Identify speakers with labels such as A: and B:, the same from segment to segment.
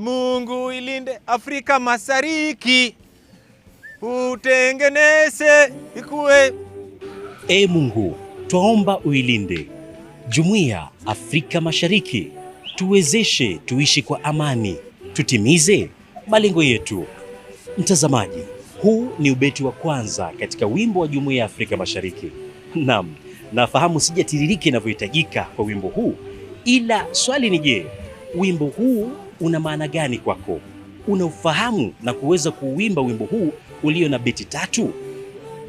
A: Mungu ilinde Afrika Mashariki, utengeneze ikuwe.
B: E Mungu, twaomba uilinde Jumuiya Afrika Mashariki, tuwezeshe tuishi kwa amani, tutimize malengo yetu. Mtazamaji, huu ni ubeti wa kwanza katika wimbo wa Jumuiya ya Afrika Mashariki. Naam, nafahamu sijatiririki inavyohitajika kwa wimbo huu, ila swali ni je, wimbo huu una maana gani kwako? Una ufahamu na kuweza kuuimba wimbo huu ulio na beti tatu?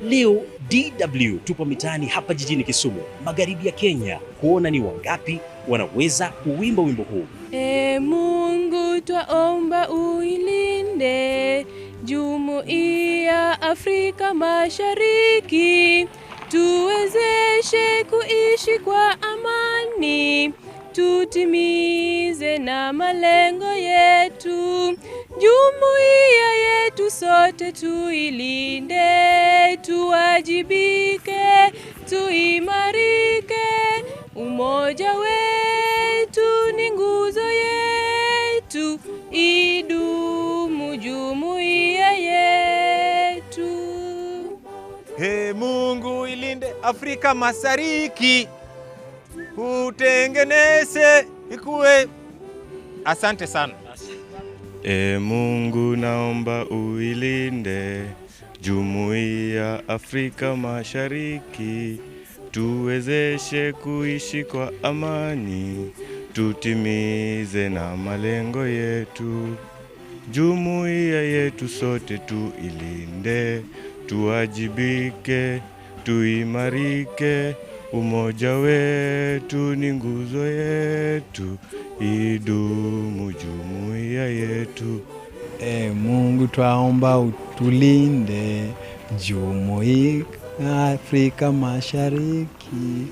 B: Leo DW tupo mitaani hapa jijini Kisumu, magharibi ya Kenya, kuona ni wangapi wanaweza kuwimba wimbo huu.
C: E Mungu, twaomba uilinde Jumuiya Afrika Mashariki, tuwezeshe kuishi kwa amani tutimize na malengo yetu, jumuiya yetu sote tuilinde, tuwajibike, tuimarike. Umoja wetu ni nguzo yetu, idumu jumuiya yetu.
A: Hey, Mungu, ilinde Afrika Mashariki utengeneze ikuwe.
B: Asante sana.
D: E Mungu, naomba uilinde Jumuiya Afrika Mashariki, tuwezeshe kuishi kwa amani, tutimize na malengo yetu. Jumuiya yetu sote tuilinde, tuwajibike, tuimarike. Umoja wetu ni nguzo yetu, idumu jumuiya yetu.
E: E Mungu, twaomba utulinde jumuiya Afrika Mashariki,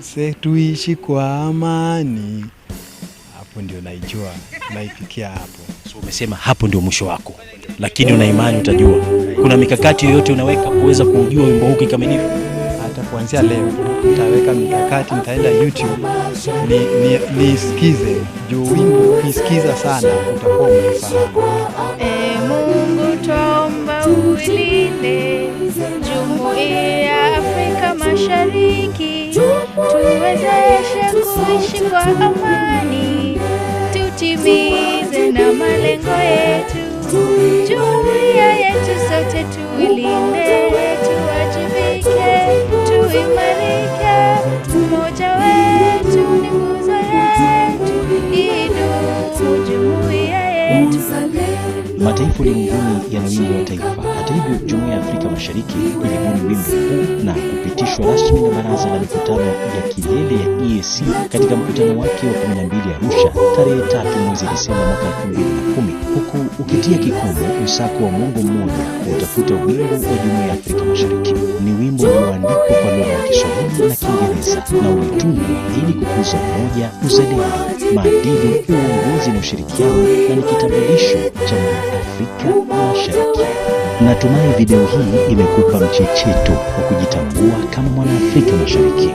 E: se tuishi kwa amani. Hapo ndio naijua, naifikia hapo.
B: So umesema hapo ndio mwisho wako, lakini una imani utajua. Kuna mikakati yoyote unaweka kuweza kujua wimbo huu kikamilifu?
E: kuanzia leo nitaweka mikakati, nitaenda YouTube niisikize ni, ni juu wimbo ukisikiza sana utakuwa umeifahamu.
C: E eh, Mungu twaomba ulinde jumuiya ya Afrika Mashariki tuwezeshe kuishi kwa amani, tutimize na malengo yetu, jumuiya yetu sote tuilinde.
B: Mataifa ulimwenguni yana wimbo wa taifa. Hata hivyo, jumuiya ya Afrika Mashariki ilibuni wimbo huu na kupitishwa rasmi na Baraza la Mikutano ya Kilele ya EAC katika mkutano wake wa 12 Arusha tarehe tatu mwezi Desemba mwaka 2010, huku ukitia kikomo msako wa Mungu mmoja wa utafuta wimbo wa jumuiya ya Afrika kanisa na ulitungwa ili kukuza umoja, uzalendo, maadili, uongozi na ushirikiano, na ni kitambulisho cha Mwanaafrika Mashariki. Natumai video hii imekupa mchecheto wa kujitambua kama Mwanaafrika Mashariki.